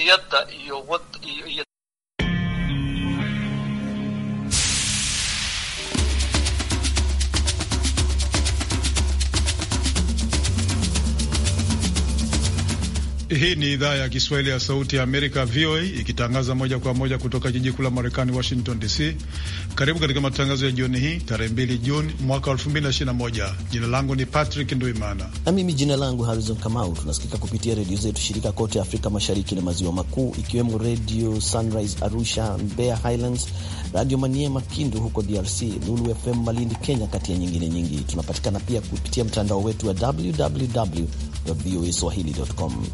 waqtiyada iyo Hii ni idhaa ya Kiswahili ya Sauti ya Amerika, VOA, ikitangaza moja kwa moja kutoka jiji kuu la Marekani, Washington DC. Karibu katika matangazo ya jioni hii tarehe 2 Juni mwaka 2021. Jina langu ni Patrick Nduimana na mimi jina langu Harrison Kamau. Tunasikika kupitia redio zetu shirika kote Afrika Mashariki na Maziwa Makuu, ikiwemo Redio Sunrise Arusha, Mbeya Highlands, Radio Maniema Kindu huko DRC, Lulu FM Malindi Kenya, kati ya nyingine nyingi. Tunapatikana pia kupitia mtandao wetu wa www voa swahili.com.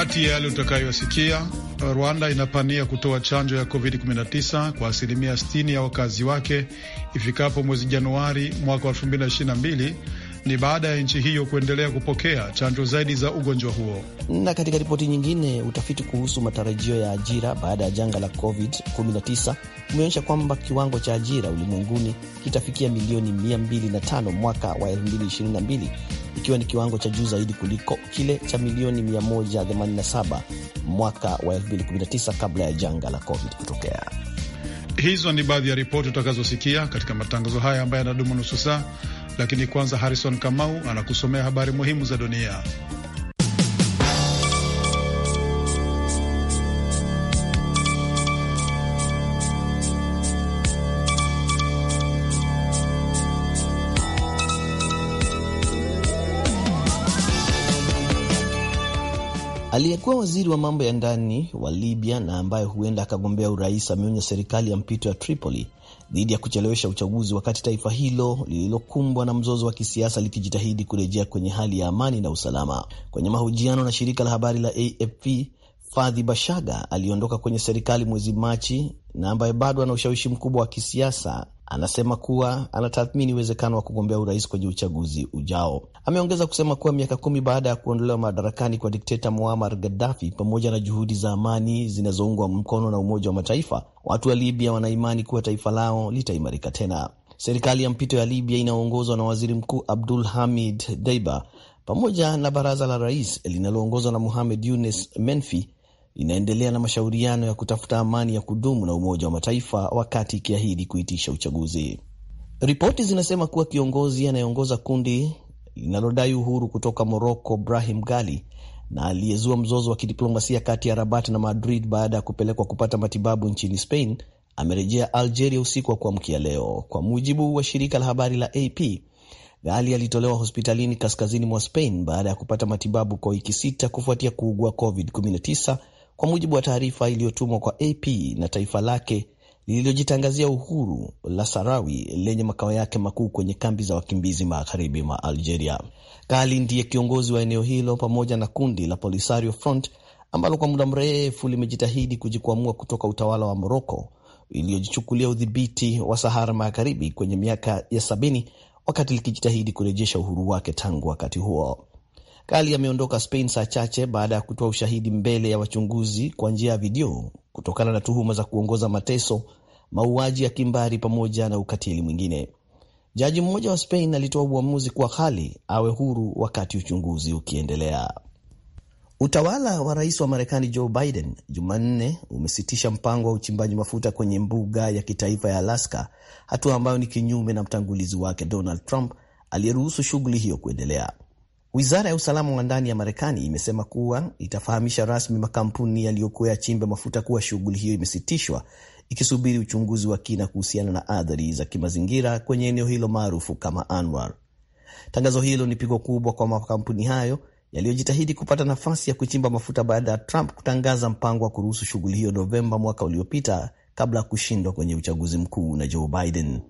Kati ya yale utakayosikia, Rwanda inapania kutoa chanjo ya COVID-19 kwa asilimia 60 ya wakazi wake ifikapo mwezi Januari mwaka ni baada ya nchi hiyo kuendelea kupokea chanjo zaidi za ugonjwa huo. Na katika ripoti nyingine, utafiti kuhusu matarajio ya ajira baada ya janga la COVID-19 umeonyesha kwamba kiwango cha ajira ulimwenguni kitafikia milioni 205 mwaka wa 2022 ikiwa ni kiwango cha juu zaidi kuliko kile cha milioni 187 mwaka wa 2019 kabla ya janga la COVID kutokea. Hizo ni baadhi ya ripoti utakazosikia katika matangazo haya ambayo yanadumu nusu saa lakini kwanza Harrison Kamau anakusomea habari muhimu za dunia. Aliyekuwa waziri wa mambo ya ndani wa Libya na ambaye huenda akagombea urais ameonya serikali ya mpito ya Tripoli dhidi ya kuchelewesha uchaguzi, wakati taifa hilo lililokumbwa na mzozo wa kisiasa likijitahidi kurejea kwenye hali ya amani na usalama. Kwenye mahojiano na shirika la habari la AFP, Fadhi Bashaga aliondoka kwenye serikali mwezi Machi na ambaye bado ana ushawishi mkubwa wa kisiasa anasema kuwa anatathmini uwezekano wa kugombea urais kwenye uchaguzi ujao. Ameongeza kusema kuwa miaka kumi baada ya kuondolewa madarakani kwa dikteta Muammar Gaddafi, pamoja na juhudi za amani zinazoungwa mkono na Umoja wa Mataifa, watu wa Libya wanaimani kuwa taifa lao litaimarika tena. Serikali ya mpito ya Libya inayoongozwa na waziri mkuu Abdul Hamid Deiba pamoja na baraza la rais linaloongozwa na Muhamed Yunis Menfi inaendelea na mashauriano ya kutafuta amani ya kudumu na Umoja wa Mataifa wakati ikiahidi kuitisha uchaguzi. Ripoti zinasema kuwa kiongozi anayeongoza kundi linalodai uhuru kutoka Moroko, Brahim Gali, na aliyezua mzozo wa kidiplomasia kati ya Rabat na Madrid baada ya kupelekwa kupata matibabu nchini Spain amerejea Algeria usiku wa kuamkia leo, kwa mujibu wa shirika la habari la AP. Gali alitolewa hospitalini kaskazini mwa Spain baada ya kupata matibabu kwa wiki sita kufuatia kuugua COVID-19 kwa mujibu wa taarifa iliyotumwa kwa AP na taifa lake lililojitangazia uhuru la Sarawi lenye makao yake makuu kwenye kambi za wakimbizi magharibi mwa Algeria. kali ndiye kiongozi wa eneo hilo pamoja na kundi la Polisario Front ambalo kwa muda mrefu limejitahidi kujikwamua kutoka utawala wa Moroko iliyojichukulia udhibiti wa Sahara Magharibi kwenye miaka ya sabini wakati likijitahidi kurejesha uhuru wake tangu wakati huo. Kali ameondoka Spain saa chache baada ya kutoa ushahidi mbele ya wachunguzi kwa njia ya video kutokana na tuhuma za kuongoza mateso, mauaji ya kimbari pamoja na ukatili mwingine. Jaji mmoja wa Spain alitoa uamuzi kuwa Kali awe huru wakati uchunguzi ukiendelea. Utawala wa rais wa Marekani Joe Biden Jumanne umesitisha mpango wa uchimbaji mafuta kwenye mbuga ya kitaifa ya Alaska, hatua ambayo ni kinyume na mtangulizi wake Donald Trump aliyeruhusu shughuli hiyo kuendelea. Wizara ya usalama wa ndani ya Marekani imesema kuwa itafahamisha rasmi makampuni yaliyokuwa yachimbe mafuta kuwa shughuli hiyo imesitishwa, ikisubiri uchunguzi wa kina kuhusiana na athari za kimazingira kwenye eneo hilo maarufu kama Anwar. Tangazo hilo ni pigo kubwa kwa makampuni hayo yaliyojitahidi kupata nafasi ya kuchimba mafuta baada ya Trump kutangaza mpango wa kuruhusu shughuli hiyo Novemba mwaka uliopita kabla ya kushindwa kwenye uchaguzi mkuu na Joe Biden.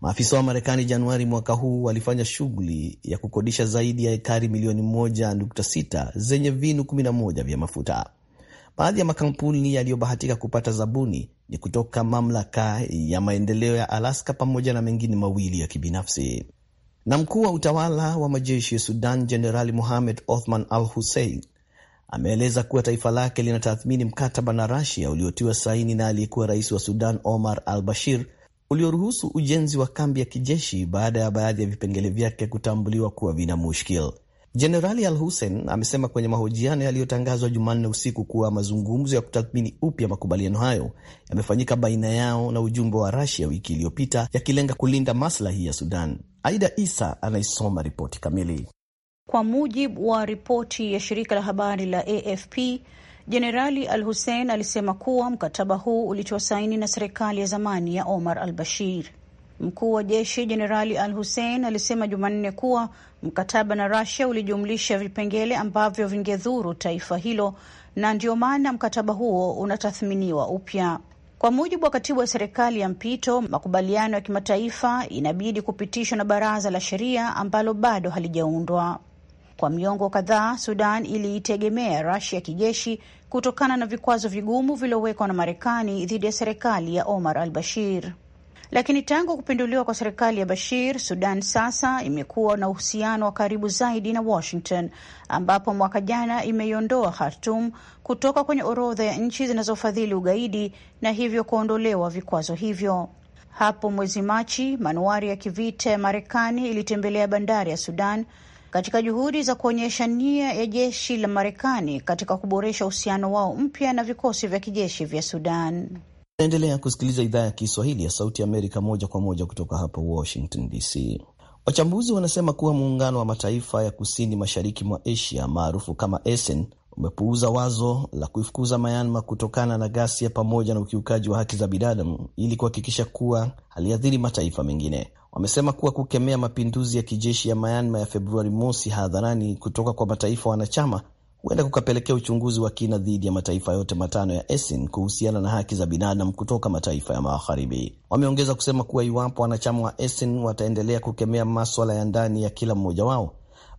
Maafisa wa Marekani Januari mwaka huu walifanya shughuli ya kukodisha zaidi ya hekari milioni 1.6 zenye vinu 11 vya mafuta. Baadhi ya makampuni yaliyobahatika kupata zabuni ni kutoka mamlaka ya maendeleo ya Alaska pamoja na mengine mawili ya kibinafsi. Na mkuu wa utawala wa majeshi ya Sudan Jenerali Mohamed Othman Al Hussein ameeleza kuwa taifa lake linatathmini mkataba na Rasia uliotiwa saini na aliyekuwa rais wa Sudan Omar Al Bashir ulioruhusu ujenzi wa kambi ya kijeshi baada ya baadhi ya vipengele vyake kutambuliwa kuwa vina mushkil. Jenerali Al Hussein amesema kwenye mahojiano yaliyotangazwa Jumanne usiku kuwa mazungumzo ya kutathmini upya makubaliano hayo yamefanyika baina yao na ujumbe wa Rasia wiki iliyopita, yakilenga kulinda maslahi ya Sudan. Aida Isa anaisoma ripoti kamili. Kwa mujibu wa ripoti ya shirika la habari la AFP, Jenerali Al Hussein alisema kuwa mkataba huu ulitiwa saini na serikali ya zamani ya Omar Al Bashir. Mkuu wa jeshi Jenerali Al Hussein alisema Jumanne kuwa mkataba na rasia ulijumlisha vipengele ambavyo vingedhuru taifa hilo na ndio maana mkataba huo unatathminiwa upya. Kwa mujibu wa katibu wa serikali ya mpito, makubaliano ya kimataifa inabidi kupitishwa na baraza la sheria ambalo bado halijaundwa. Kwa miongo kadhaa, Sudan iliitegemea Rasia kijeshi kutokana na vikwazo vigumu vilivyowekwa na Marekani dhidi ya serikali ya Omar al Bashir. Lakini tangu kupinduliwa kwa serikali ya Bashir, Sudan sasa imekuwa na uhusiano wa karibu zaidi na Washington, ambapo mwaka jana imeiondoa Khartum kutoka kwenye orodha ya nchi zinazofadhili ugaidi na hivyo kuondolewa vikwazo hivyo. Hapo mwezi Machi, manuari ya kivita ya Marekani ilitembelea bandari ya Sudan katika juhudi za kuonyesha nia ya jeshi la Marekani katika kuboresha uhusiano wao mpya na vikosi vya kijeshi vya Sudan. Naendelea kusikiliza idhaa ya Kiswahili ya Sauti Amerika moja kwa moja kutoka hapa Washington DC. Wachambuzi wanasema kuwa muungano wa mataifa ya kusini mashariki mwa Asia maarufu kama ASEAN umepuuza wazo la kuifukuza Myanmar kutokana na ghasia pamoja na ukiukaji wa haki za binadamu ili kuhakikisha kuwa haliathiri mataifa mengine. Wamesema kuwa kukemea mapinduzi ya kijeshi ya Myanmar ya Februari mosi hadharani kutoka kwa mataifa wanachama huenda kukapelekea uchunguzi wa kina dhidi ya mataifa yote matano ya ASEAN kuhusiana na haki za binadamu kutoka mataifa ya magharibi. Wameongeza kusema kuwa iwapo wanachama wa ASEAN wataendelea kukemea maswala ya ndani ya kila mmoja wao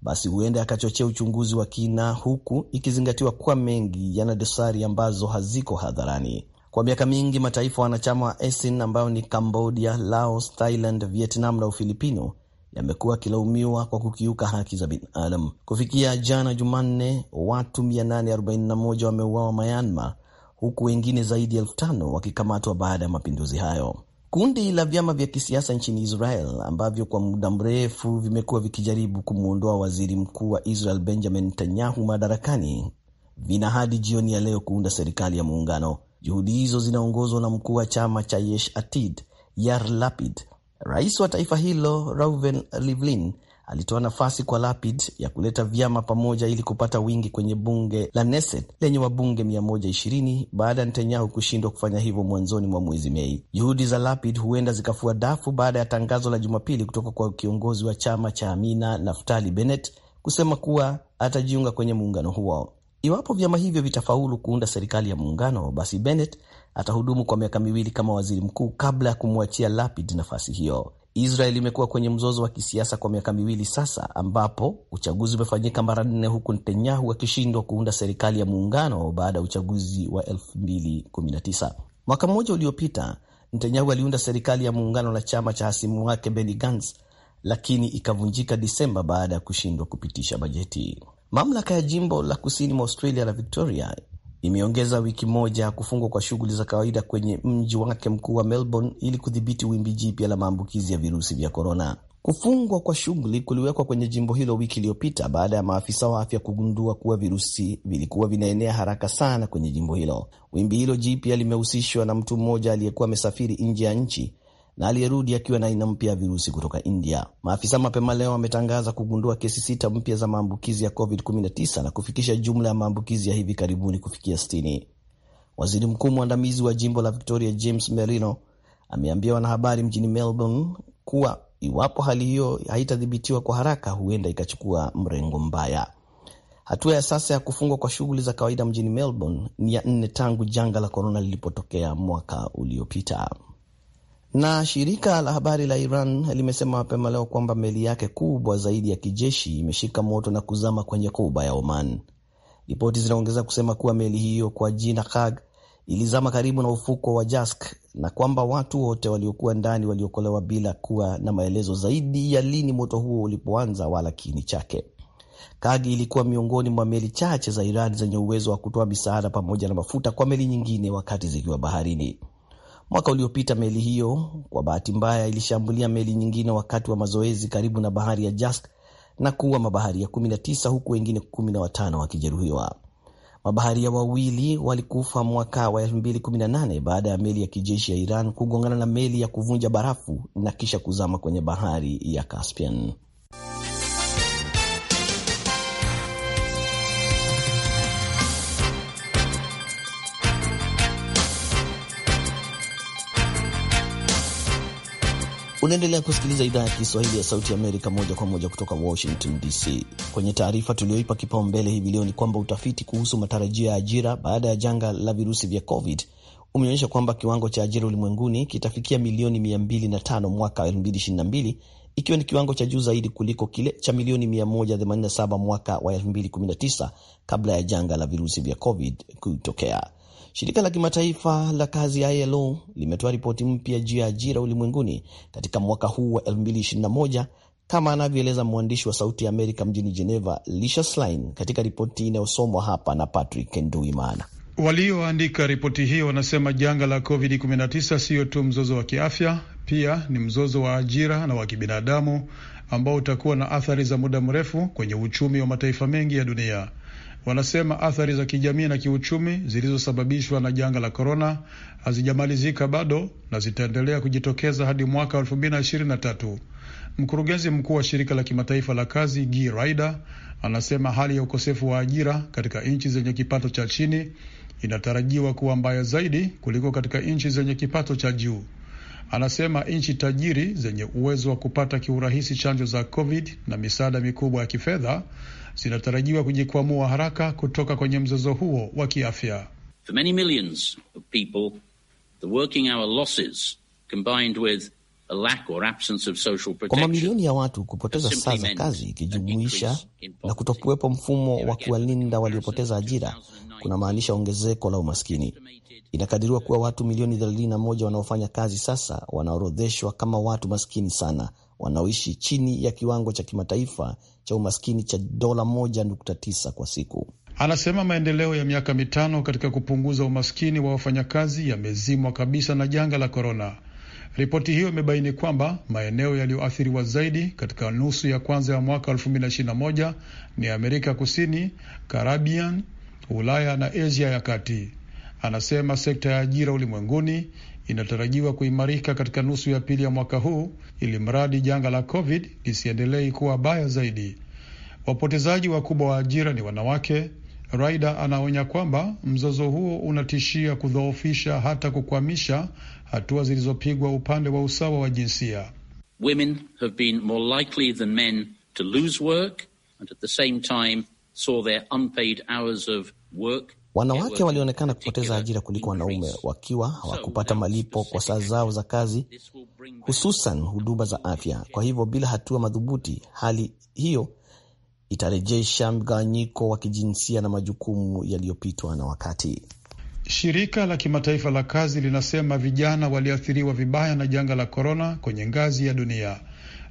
basi huenda yakachochea uchunguzi wa kina, huku ikizingatiwa kuwa mengi yana dosari ambazo haziko hadharani. Kwa miaka mingi mataifa wanachama wa ASEAN ambayo ni Cambodia, Laos, Thailand, Vietnam na Ufilipino yamekuwa akilaumiwa kwa kukiuka haki za binadamu. Kufikia jana Jumanne, watu 841 wameuawa Myanmar, huku wengine zaidi ya elfu tano wakikamatwa baada ya mapinduzi hayo. Kundi la vyama vya kisiasa nchini Israel ambavyo kwa muda mrefu vimekuwa vikijaribu kumwondoa waziri mkuu wa Israel Benjamin Netanyahu madarakani vina hadi jioni ya leo kuunda serikali ya muungano. Juhudi hizo zinaongozwa na mkuu wa chama cha Yesh Atid Yair Lapid. Rais wa taifa hilo Reuven Rivlin alitoa nafasi kwa Lapid ya kuleta vyama pamoja ili kupata wingi kwenye bunge la Knesset lenye wabunge 120 baada ya Netanyahu kushindwa kufanya hivyo mwanzoni mwa mwezi Mei. Juhudi za Lapid huenda zikafua dafu baada ya tangazo la Jumapili kutoka kwa kiongozi wa chama cha Amina Naftali Bennett kusema kuwa atajiunga kwenye muungano huo. Iwapo vyama hivyo vitafaulu kuunda serikali ya muungano, basi Bennett atahudumu kwa miaka miwili kama waziri mkuu kabla ya kumwachia Lapid nafasi hiyo. Israel imekuwa kwenye mzozo wa kisiasa kwa miaka miwili sasa, ambapo uchaguzi umefanyika mara nne huku Netanyahu akishindwa kuunda serikali ya muungano baada ya uchaguzi wa 2019. Mwaka mmoja uliopita, Netanyahu aliunda serikali ya muungano na chama cha hasimu wake Benny Gantz, lakini ikavunjika Disemba baada ya kushindwa kupitisha bajeti. Mamlaka ya jimbo la kusini mwa Australia la Victoria imeongeza wiki moja kufungwa kwa shughuli za kawaida kwenye mji wake mkuu wa Melbourne ili kudhibiti wimbi jipya la maambukizi ya virusi vya korona. Kufungwa kwa shughuli kuliwekwa kwenye jimbo hilo wiki iliyopita baada ya maafisa wa afya kugundua kuwa virusi vilikuwa vinaenea haraka sana kwenye jimbo hilo. Wimbi hilo jipya limehusishwa na mtu mmoja aliyekuwa amesafiri nje ya nchi na aliyerudi akiwa na aina mpya ya virusi kutoka India. Maafisa mapema leo wametangaza kugundua kesi sita mpya za maambukizi ya COVID-19 na kufikisha jumla ya maambukizi ya hivi karibuni kufikia sitini. Waziri mkuu mwandamizi wa jimbo la Victoria James Merino ameambia wanahabari mjini Melbourne kuwa iwapo hali hiyo haitadhibitiwa kwa haraka, huenda ikachukua mrengo mbaya. Hatua ya sasa ya kufungwa kwa shughuli za kawaida mjini Melbourne ni ya nne tangu janga la korona lilipotokea mwaka uliopita. Na shirika la habari la Iran limesema mapema leo kwamba meli yake kubwa zaidi ya kijeshi imeshika moto na kuzama kwenye kuba ya Oman. Ripoti zinaongeza kusema kuwa meli hiyo kwa jina Kag ilizama karibu na ufuko wa Jask na kwamba watu wote waliokuwa ndani waliokolewa bila kuwa na maelezo zaidi ya lini moto huo ulipoanza wala kiini chake. Kagi ilikuwa miongoni mwa meli chache za Iran zenye uwezo wa kutoa misaada pamoja na mafuta kwa meli nyingine wakati zikiwa baharini. Mwaka uliopita meli hiyo kwa bahati mbaya ilishambulia meli nyingine wakati wa mazoezi karibu na bahari ya Jask na kuua mabaharia 19 huku wengine 15 wakijeruhiwa. Mabaharia wawili walikufa mwaka wa 2018 baada ya meli ya kijeshi ya Iran kugongana na meli ya kuvunja barafu na kisha kuzama kwenye bahari ya Caspian. Unaendelea kusikiliza idhaa ya Kiswahili ya Sauti Amerika moja kwa moja kutoka Washington DC. Kwenye taarifa tuliyoipa kipaumbele hivi leo ni kwamba utafiti kuhusu matarajio ya ajira baada ya janga la virusi vya COVID umeonyesha kwamba kiwango cha ajira ulimwenguni kitafikia milioni 205 mwaka 2022 ikiwa ni kiwango cha juu zaidi kuliko kile cha milioni 187 mwaka wa 2019 kabla ya janga la virusi vya COVID kutokea. Shirika la kimataifa la kazi ya ILO limetoa ripoti mpya juu ya ajira ulimwenguni katika mwaka huu wa 2021 kama anavyoeleza mwandishi wa Sauti ya Amerika mjini Geneva, Lisha Slin, katika ripoti inayosomwa hapa na Patrick Nduimana. Walioandika ripoti hiyo wanasema janga la COVID-19 siyo tu mzozo wa kiafya, pia ni mzozo wa ajira na wa kibinadamu ambao utakuwa na athari za muda mrefu kwenye uchumi wa mataifa mengi ya dunia wanasema athari za kijamii na kiuchumi zilizosababishwa na janga la korona hazijamalizika bado na zitaendelea kujitokeza hadi mwaka 2023. Mkurugenzi mkuu wa shirika la kimataifa la kazi Guy Ryder anasema hali ya ukosefu wa ajira katika nchi zenye kipato cha chini inatarajiwa kuwa mbaya zaidi kuliko katika nchi zenye kipato cha juu. Anasema nchi tajiri zenye uwezo wa kupata kiurahisi chanjo za COVID na misaada mikubwa ya kifedha zinatarajiwa kujikwamua haraka kutoka kwenye mzozo huo wa kiafya. For many millions of people, the working hour losses combined with a lack or absence of social protection. Kwa mamilioni ya watu kupoteza saa za kazi ikijumuisha na kutokuwepo mfumo wa kuwalinda waliopoteza ajira kunamaanisha ongezeko la umaskini. Inakadiriwa kuwa watu milioni 31 wanaofanya kazi sasa wanaorodheshwa kama watu maskini sana wanaoishi chini ya kiwango cha kimataifa cha umaskini cha dola moja nukta tisa kwa siku. Anasema maendeleo ya miaka mitano katika kupunguza umaskini wa wafanyakazi yamezimwa kabisa na janga la korona. Ripoti hiyo imebaini kwamba maeneo yaliyoathiriwa zaidi katika nusu ya kwanza ya mwaka 2021 ni Amerika Kusini, Karabian, Ulaya na Asia ya Kati. Anasema sekta ya ajira ulimwenguni inatarajiwa kuimarika katika nusu ya pili ya mwaka huu, ili mradi janga la COVID lisiendelei kuwa baya zaidi. Wapotezaji wakubwa wa ajira ni wanawake. Raida anaonya kwamba mzozo huo unatishia kudhoofisha hata kukwamisha hatua zilizopigwa upande wa usawa wa jinsia. Women have been more likely than men to lose work and at the same time saw their unpaid hours of work Wanawake walionekana kupoteza ajira kuliko wanaume wakiwa hawakupata malipo kwa saa zao za kazi, hususan huduma za afya. Kwa hivyo, bila hatua madhubuti, hali hiyo itarejesha mgawanyiko wa kijinsia na majukumu yaliyopitwa na wakati. Shirika la kimataifa la kazi linasema vijana waliathiriwa vibaya na janga la korona kwenye ngazi ya dunia.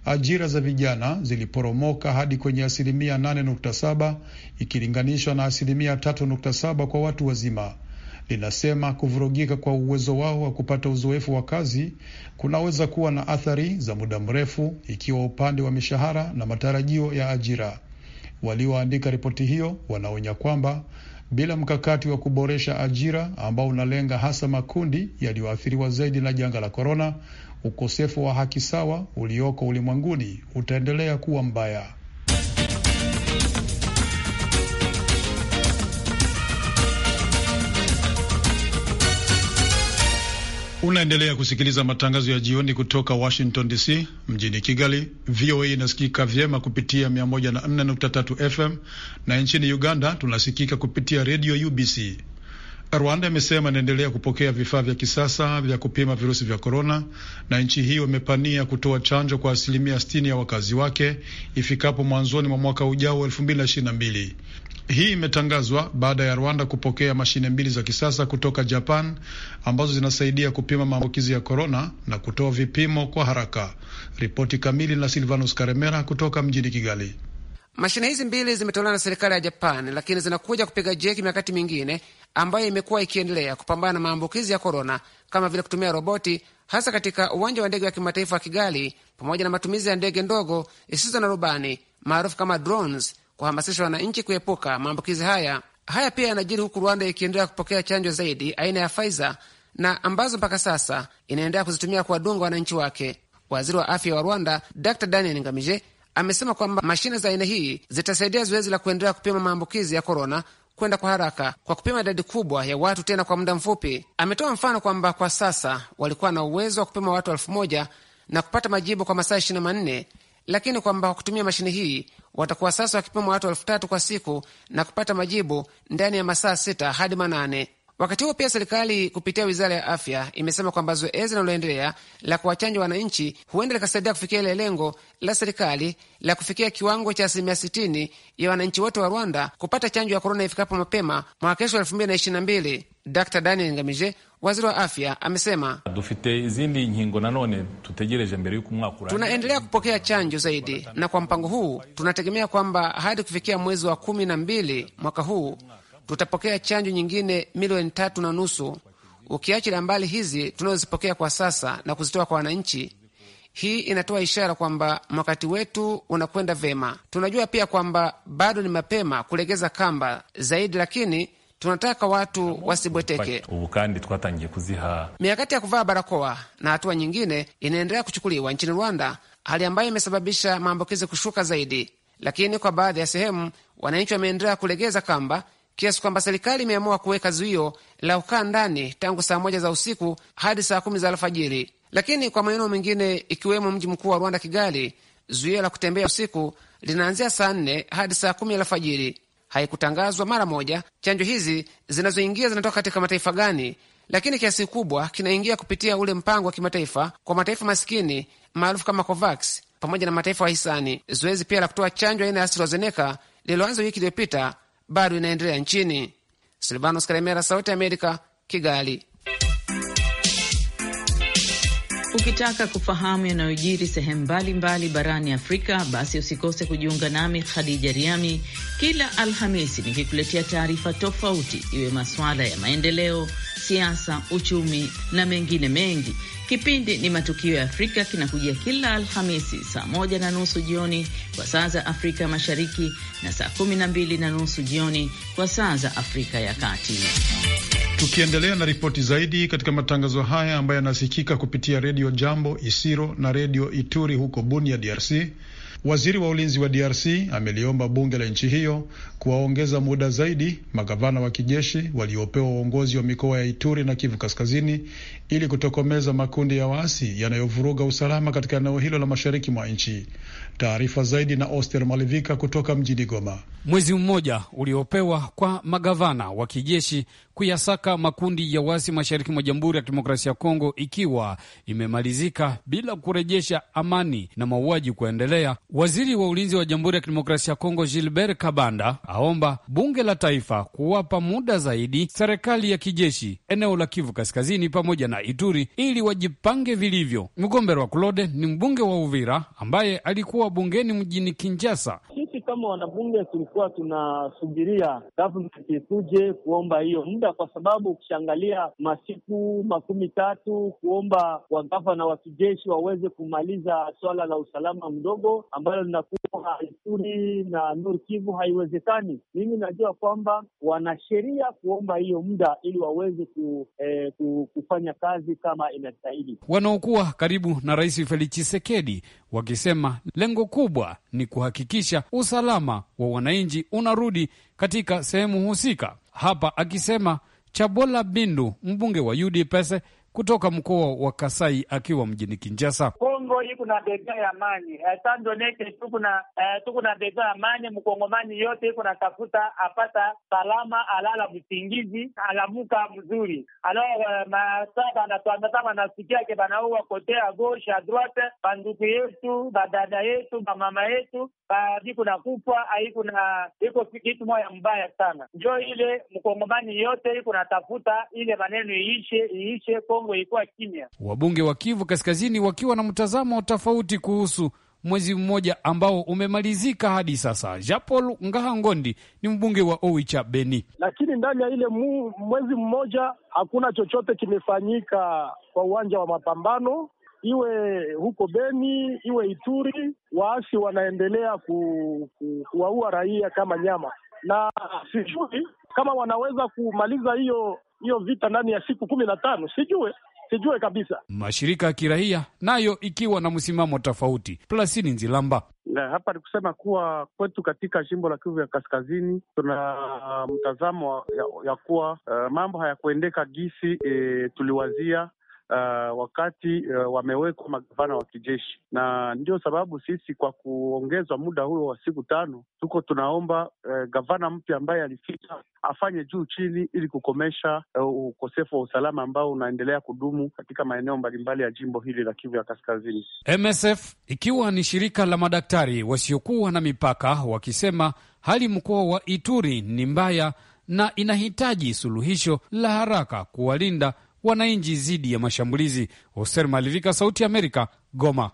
Ajira za vijana ziliporomoka hadi kwenye asilimia 8.7 ikilinganishwa na asilimia 3.7 kwa watu wazima. Linasema kuvurugika kwa uwezo wao wa kupata uzoefu wa kazi kunaweza kuwa na athari za muda mrefu, ikiwa upande wa mishahara na matarajio ya ajira. Walioandika ripoti hiyo wanaonya kwamba bila mkakati wa kuboresha ajira ambao unalenga hasa makundi yaliyoathiriwa zaidi na janga la korona, ukosefu wa haki sawa ulioko ulimwenguni utaendelea kuwa mbaya. Unaendelea kusikiliza matangazo ya jioni kutoka Washington DC. Mjini Kigali, VOA inasikika vyema kupitia 104.3 FM na nchini Uganda tunasikika kupitia redio UBC. Rwanda imesema inaendelea kupokea vifaa vya kisasa vya kupima virusi vya korona, na nchi hiyo imepania kutoa chanjo kwa asilimia 60 ya wakazi wake ifikapo mwanzoni mwa mwaka ujao 2022. Hii imetangazwa baada ya Rwanda kupokea mashine mbili za kisasa kutoka Japan ambazo zinasaidia kupima maambukizi ya korona na kutoa vipimo kwa haraka. Ripoti kamili na Silvanus Karemera kutoka mjini Kigali. Mashine hizi mbili zimetolewa na serikali ya Japan, lakini zinakuja kupiga jeki mikakati mingine ambayo imekuwa ikiendelea kupambana na maambukizi ya korona, kama vile kutumia roboti hasa katika uwanja wa ndege wa kimataifa wa Kigali, pamoja na matumizi ya ndege ndogo isizo na rubani maarufu kama drones, kuhamasisha wananchi kuepuka maambukizi haya. Haya pia yanajiri huku Rwanda ikiendelea kupokea chanjo zaidi aina ya Pfizer na ambazo mpaka sasa inaendelea kuzitumia kuwadunga wananchi wake. Waziri wa afya wa Rwanda Dr Daniel Ngamije amesema kwamba mashine za aina hii zitasaidia zoezi la kuendelea kupima maambukizi ya korona kwenda kwa haraka kwa kupima idadi kubwa ya watu tena kwa muda mfupi. Ametoa mfano kwamba kwa sasa walikuwa na uwezo wa kupima watu elfu moja na kupata majibu kwa masaa ishirini na manne lakini kwamba kwa kutumia mashine hii watakuwa sasa wakipima watu elfu tatu kwa siku na kupata majibu ndani ya masaa sita hadi manane. Wakati huo pia, serikali kupitia wizara ya afya imesema kwamba zoezi linaloendelea la kuwachanja wananchi huenda likasaidia kufikia ile lengo la serikali la kufikia kiwango cha asilimia 60 ya wananchi wote wa Rwanda kupata chanjo ya korona ifikapo mapema mwaka kesho Dr Daniel Ngamije, waziri wa afya, amesema dufite izindi nkingo nanone tutegereje mbere yuko umwaka urangira, tunaendelea kupokea chanjo zaidi, na kwa mpango huu tunategemea kwamba hadi kufikia mwezi wa kumi na mbili mwaka huu tutapokea chanjo nyingine milioni tatu na nusu ukiachilia mbali hizi tunazozipokea kwa sasa na kuzitoa kwa wananchi. Hii inatoa ishara kwamba mwakati wetu unakwenda vema. Tunajua pia kwamba bado ni mapema kulegeza kamba zaidi, lakini tunataka watu wasibweteke. miakati ya kuvaa barakoa na hatua nyingine inaendelea kuchukuliwa nchini Rwanda, hali ambayo imesababisha maambukizi kushuka zaidi, lakini kwa baadhi ya sehemu wananchi wameendelea kulegeza kamba kiasi kwamba serikali imeamua kuweka zuio la kukaa ndani tangu saa moja za usiku hadi saa kumi za alfajiri. Lakini kwa maeneo mengine ikiwemo mji mkuu wa Rwanda, Kigali, zuio la kutembea usiku linaanzia saa nne hadi saa kumi alfajiri. Haikutangazwa mara moja chanjo hizi zinazoingia zinatoka katika mataifa gani, lakini kiasi kubwa kinaingia kupitia ule mpango wa kimataifa kwa mataifa masikini maarufu kama COVAX pamoja na mataifa wahisani. Zoezi pia la kutoa chanjo aina ya AstraZeneca lililoanza wiki iliyopita bado inaendelea nchini. Silvanos Karemera, Sauti Amerika, Kigali. Ukitaka kufahamu yanayojiri sehemu mbalimbali barani Afrika, basi usikose kujiunga nami Khadija Riami kila Alhamisi nikikuletea taarifa tofauti, iwe masuala ya maendeleo, siasa, uchumi na mengine mengi. Kipindi ni Matukio ya Afrika kinakujia kila Alhamisi saa moja na nusu jioni kwa saa za Afrika Mashariki na saa kumi na mbili na nusu jioni kwa saa za Afrika ya Kati. Tukiendelea na ripoti zaidi katika matangazo haya ambayo yanasikika kupitia redio Jambo Isiro na redio Ituri huko Bunia, DRC. Waziri wa ulinzi wa DRC ameliomba bunge la nchi hiyo kuwaongeza muda zaidi magavana wa kijeshi waliopewa uongozi wa mikoa ya Ituri na Kivu Kaskazini ili kutokomeza makundi ya waasi yanayovuruga usalama katika eneo hilo la mashariki mwa nchi. Taarifa zaidi na Oster Malivika kutoka mjini Goma. Mwezi mmoja uliopewa kwa magavana wa kijeshi kuyasaka makundi ya waasi mashariki mwa Jamhuri ya Kidemokrasia ya Kongo ikiwa imemalizika bila kurejesha amani na mauaji kuendelea. Waziri wa ulinzi wa Jamhuri ya Kidemokrasia ya Kongo Gilbert Kabanda aomba bunge la taifa kuwapa muda zaidi serikali ya kijeshi eneo la Kivu Kaskazini pamoja na Ituri ili wajipange vilivyo. Mgombero wa Claude ni mbunge wa Uvira ambaye alikuwa bungeni mjini Kinjasa. Sisi kama wanabunge tulikuwa tunasubiria government ikuje kuomba hiyo muda, kwa sababu ukishangalia masiku makumi tatu kuomba wagavana wa kijeshi waweze kumaliza swala la usalama mdogo ambalo linakuwa Ituri na Nord Kivu haiwezekani. Mimi najua kwamba wanasheria kuomba hiyo muda ili waweze ku, eh, ku, kufanya kazi kama inastahili. Wanaokuwa karibu na Rais Felix Tshisekedi wakisema lengo kubwa ni kuhakikisha usalama wa wananchi unarudi katika sehemu husika. Hapa akisema Chabola Bindu, mbunge wa UDPS kutoka mkoa wa Kasai, akiwa mjini Kinshasa. Kongo iko na bega ya amani eh, sandoneke, tuko na eh, tuko na bega ya amani. Mkongomani yote iko na apata salama, alala msingizi, alamuka mzuri. Alors eh, masaa banatuambata banasikiake banauwa kotea gauche a droite, banduku yetu badada yetu bamama yetu baviko na kupwa aiko ah, na iko kitu moya mbaya sana, njo ile mkongomani yote iko natafuta ile maneno iishe, iishe. Kongo ikuwa kimya, wabunge wa Kivu Kaskazini wakiwa na mta mtazamo tofauti kuhusu mwezi mmoja ambao umemalizika hadi sasa. Japol Ngaha Ngondi ni mbunge wa Oicha Beni. Lakini ndani ya ile mu, mwezi mmoja hakuna chochote kimefanyika kwa uwanja wa mapambano, iwe huko Beni iwe Ituri, waasi wanaendelea kuwaua ku, raia kama nyama, na sijui kama wanaweza kumaliza hiyo hiyo vita ndani ya siku kumi na tano, sijui sijue kabisa. Mashirika ya kiraia nayo ikiwa na msimamo tofauti. Plasini Nzilamba: hapa ni kusema kuwa kwetu katika jimbo la Kivu ya Kaskazini tuna uh, mtazamo ya, ya kuwa uh, mambo hayakuendeka gisi e, tuliwazia uh, wakati uh, wamewekwa magavana wa kijeshi, na ndio sababu sisi kwa kuongezwa muda huo wa siku tano tuko tunaomba uh, gavana mpya ambaye alifika afanye juu chini ili kukomesha uh, ukosefu wa usalama ambao unaendelea kudumu katika maeneo mbalimbali ya jimbo hili la Kivu ya Kaskazini. MSF ikiwa ni shirika la madaktari wasiokuwa na mipaka wakisema hali mkoa wa Ituri ni mbaya na inahitaji suluhisho la haraka kuwalinda wananchi dhidi ya mashambulizi. Hoser Malivika, Sauti ya Amerika, Goma.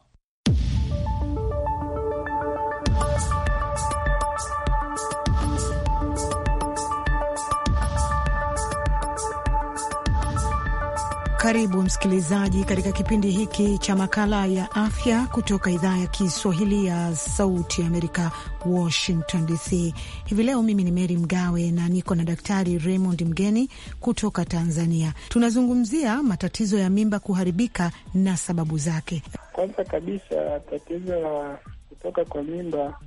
Karibu msikilizaji katika kipindi hiki cha makala ya afya kutoka idhaa ya Kiswahili ya Sauti ya Amerika, Washington DC. Hivi leo mimi ni Meri Mgawe na niko na Daktari Raymond Mgeni kutoka Tanzania. Tunazungumzia matatizo ya mimba kuharibika na sababu zake. Kwanza kabisa, tatizo la kutoka kwa mimba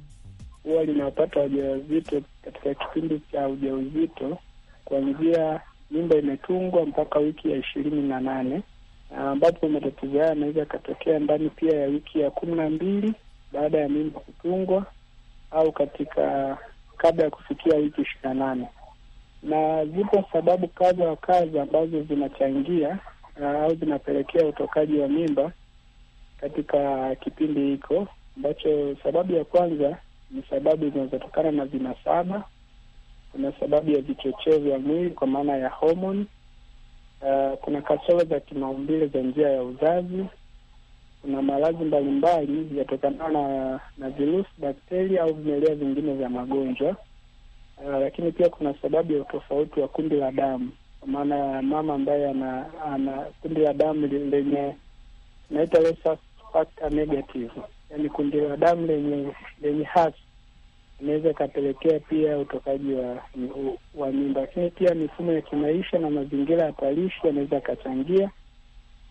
huwa linawapata wajawazito katika kipindi cha ujauzito kuanzia mimba imetungwa mpaka wiki ya ishirini na nane ambapo matatizo haya yanaweza yakatokea ndani pia ya wiki ya kumi na mbili baada ya mimba kutungwa au katika kabla ya kufikia wiki ishirini na nane na zipo sababu kadha wa kadha ambazo zinachangia au zinapelekea utokaji wa mimba katika kipindi hiko ambacho, sababu ya kwanza ni sababu zinazotokana na vinasaba kuna sababu ya vichocheo vya mwili kwa maana ya homoni. Uh, eh, kuna kasoro za kimaumbile za njia ya uzazi. Kuna maradhi mbalimbali yatokana na, na virusi, bakteria au vimelea vingine vya magonjwa. Uh, lakini pia kuna sababu ya utofauti wa kundi la damu, kwa maana ya mama ambaye ana, ana kundi la damu lenye tunaita rhesus factor negative, yaani kundi la damu lenye lenye hasi inaweza ikapelekea pia utokaji wa, wa mimba, lakini pia mifumo ya kimaisha na mazingira ya hatarishi yanaweza yakachangia,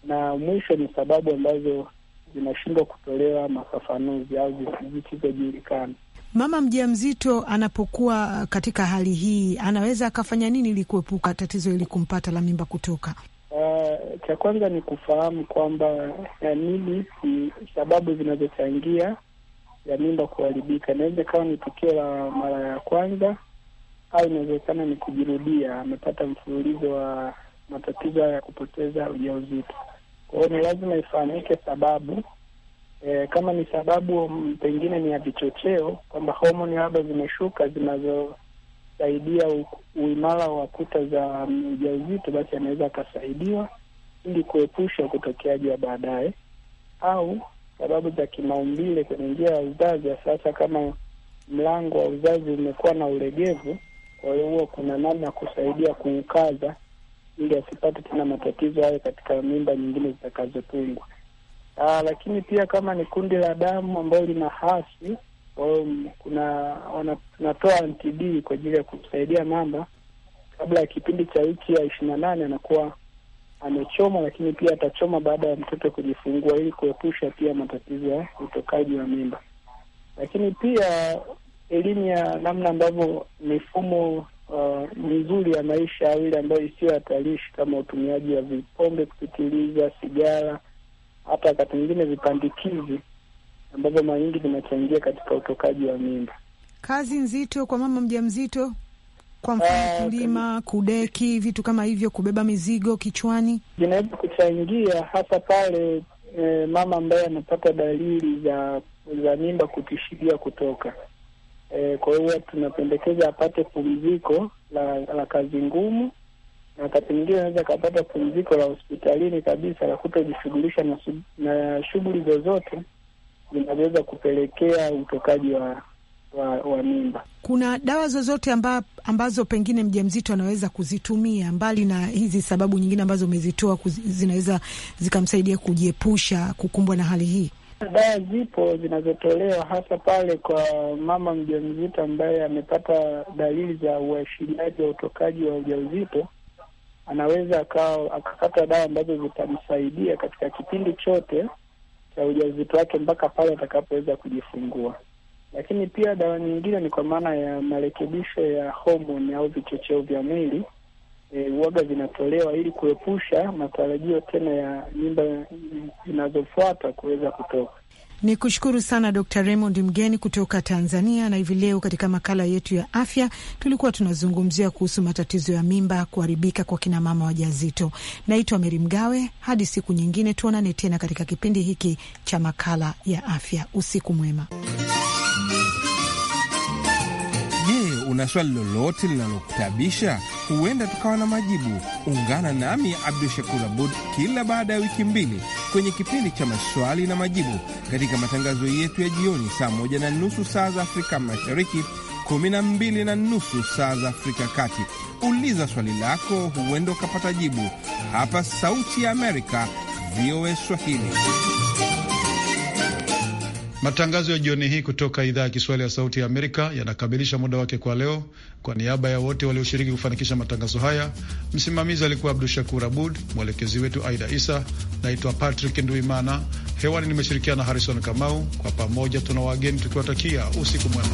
na mwisho ni sababu ambazo zinashindwa kutolewa mafafanuzi au zisizojulikana. Mama mzito anapokuwa katika hali hii anaweza akafanya nini ili kuepuka tatizo ili kumpata la mimba kutoka? Uh, cha kwanza ni kufahamu kwamba nini eh, ni sababu zinazochangia ya mimba kuharibika. Inaweza kawa ni tukio la mara ya kwanza au inawezekana ni kujirudia, amepata mfululizo wa matatizo ya kupoteza ujauzito. Kwa hiyo ni lazima ifahamike sababu e, kama ni sababu pengine ni ya vichocheo, kwamba homoni labda zimeshuka zinazosaidia uimara wa kuta za mm, ujauzito, basi anaweza akasaidiwa ili kuepusha kutokeaji wa baadaye au sababu za kimaumbile kwenye njia ya uzazi. Sasa kama mlango wa uzazi umekuwa na ulegevu, kwa hiyo huwa kuna namna ya kusaidia kuukaza ili asipate tena matatizo hayo katika mimba nyingine zitakazotungwa. Aa, ah, lakini pia kama ni kundi la damu ambayo lina hasi, kwa hiyo kuna tunatoa antidii kwa ajili ya kusaidia mamba kabla ya kipindi cha wiki ya ishirini na nane anakuwa amechoma, lakini pia atachoma baada ya mtoto kujifungua, ili kuepusha pia matatizo ya utokaji wa mimba. Lakini pia elimu ya namna ambavyo mifumo uh, mizuri ya maisha au ile ambayo isiyo hatarishi kama utumiaji wa vipombe kupitiliza, sigara, hata wakati mwingine vipandikizi ambavyo mara nyingi vinachangia katika utokaji wa mimba. Kazi nzito kwa mama mjamzito kwa mfano eh, kulima, kudeki, vitu kama hivyo, kubeba mizigo kichwani, vinaweza kuchangia hasa pale e, mama ambaye anapata dalili za za mimba kutishilia kutoka e, kwa hiyo tunapendekeza apate pumziko la, la kazi ngumu na wakati mwingine anaweza akapata pumziko la hospitalini kabisa la kutojishughulisha na, na shughuli zozote zinaweza kupelekea utokaji wa wa, wa mimba. Kuna dawa zozote amba, ambazo pengine mjamzito anaweza kuzitumia mbali na hizi sababu nyingine ambazo umezitoa zinaweza zikamsaidia kujiepusha kukumbwa na hali hii? Dawa zipo zinazotolewa hasa pale kwa mama mjamzito ambaye amepata dalili za uashiriaji wa utokaji wa ujauzito anaweza akapata dawa ambazo zitamsaidia katika kipindi chote cha ujauzito wake mpaka pale atakapoweza kujifungua. Lakini pia dawa nyingine ni kwa maana ya marekebisho ya homoni au vichocheo vya mwili e, uoga vinatolewa ili kuepusha matarajio tena ya mimba zinazofuata kuweza kutoka. Ni kushukuru sana d Raymond Mgeni kutoka Tanzania. Na hivi leo katika makala yetu ya afya tulikuwa tunazungumzia kuhusu matatizo ya mimba kuharibika kwa kinamama wajazito Naitwa Meri Mgawe, hadi siku nyingine tuonane tena katika kipindi hiki cha makala ya afya. Usiku mwema. Una swali lolote linalokutabisha? Huenda tukawa na majibu. Ungana nami Abdu Shakur Abud kila baada ya wiki mbili kwenye kipindi cha maswali na majibu katika matangazo yetu ya jioni, saa moja na nusu saa za Afrika Mashariki, kumi na mbili na nusu saa za Afrika Kati. Uliza swali lako, huenda ukapata jibu hapa Sauti ya Amerika, VOA Swahili. Matangazo ya jioni hii kutoka idhaa ya Kiswahili ya Sauti ya Amerika yanakamilisha muda wake kwa leo. Kwa niaba ya wote walioshiriki kufanikisha matangazo haya, msimamizi alikuwa Abdu Shakur Abud, mwelekezi wetu Aida Isa. Naitwa Patrick Nduimana, hewani nimeshirikiana na Harrison Kamau. Kwa pamoja tuna wageni tukiwatakia usiku mwema.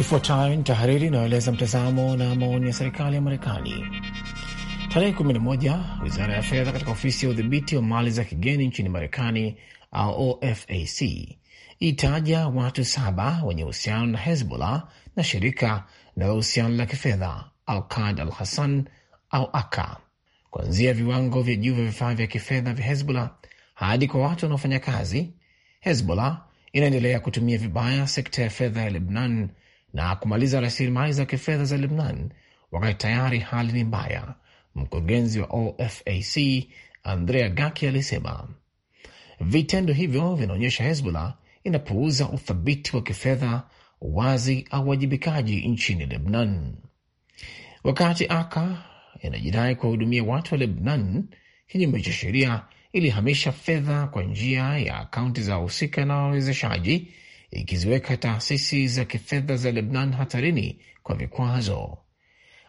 Ifuatayo ni tahariri inayoeleza mtazamo na maoni ya serikali ya Marekani. Tarehe 11 wizara ya fedha katika ofisi ya udhibiti wa mali za kigeni nchini Marekani au OFAC itaja watu saba wenye uhusiano na Hezbollah na shirika la uhusiano la kifedha Alqad al Hassan au aka kuanzia viwango vya juu vya vifaa vya kifedha vya Hezbollah hadi kwa watu wanaofanya kazi. Hezbollah inaendelea kutumia vibaya sekta ya fedha ya Lebnan na kumaliza rasilimali za kifedha za Lebanon wakati tayari hali ni mbaya. Mkurugenzi wa OFAC Andrea Gaki alisema vitendo hivyo vinaonyesha Hezbollah inapuuza uthabiti wa kifedha, uwazi au uwajibikaji nchini Lebanon. Wakati aka inajidai kuwahudumia watu wa Lebanon kinyume cha sheria, ilihamisha fedha kwa njia ya akaunti za wahusika na wawezeshaji ikiziweka taasisi za kifedha za Lebnan hatarini kwa vikwazo.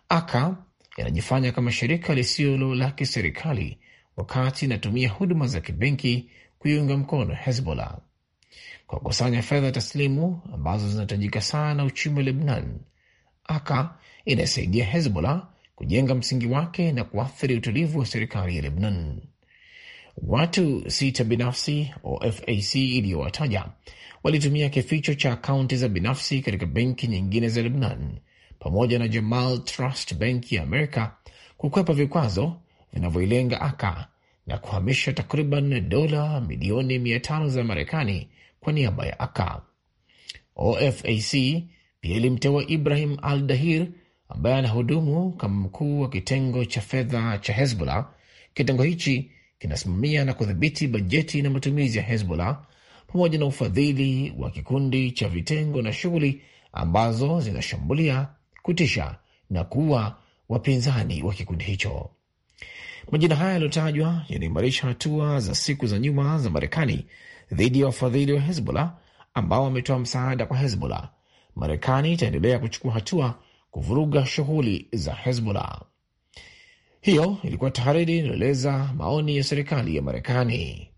Aka yanajifanya kama shirika lisilo la kiserikali wakati inatumia huduma za kibenki kuiunga mkono Hezbollah kwa kukusanya fedha taslimu ambazo zinahitajika sana uchumi wa Lebnan. Aka inasaidia Hezbollah kujenga msingi wake na kuathiri utulivu wa serikali ya Lebnan. Watu sita binafsi OFAC iliyowataja walitumia kificho cha akaunti za binafsi katika benki nyingine za Lebanon pamoja na Jamal Trust Bank ya Amerika kukwepa vikwazo vinavyoilenga aka na kuhamisha takriban dola milioni mia tano za Marekani kwa niaba ya aka. OFAC pia ilimteua Ibrahim Al Dahir ambaye anahudumu kama mkuu wa kitengo cha fedha cha Hezbollah. Kitengo hichi kinasimamia na kudhibiti bajeti na matumizi ya Hezbollah pamoja na ufadhili wa kikundi cha vitengo na shughuli ambazo zinashambulia, kutisha na kuua wapinzani wa kikundi hicho. Majina haya yaliyotajwa yanaimarisha hatua za siku za nyuma za Marekani dhidi ya wafadhili wa Hezbollah ambao wametoa msaada kwa Hezbollah. Marekani itaendelea kuchukua hatua kuvuruga shughuli za Hezbollah. Hiyo ilikuwa tahariri inaeleza maoni ya serikali ya Marekani.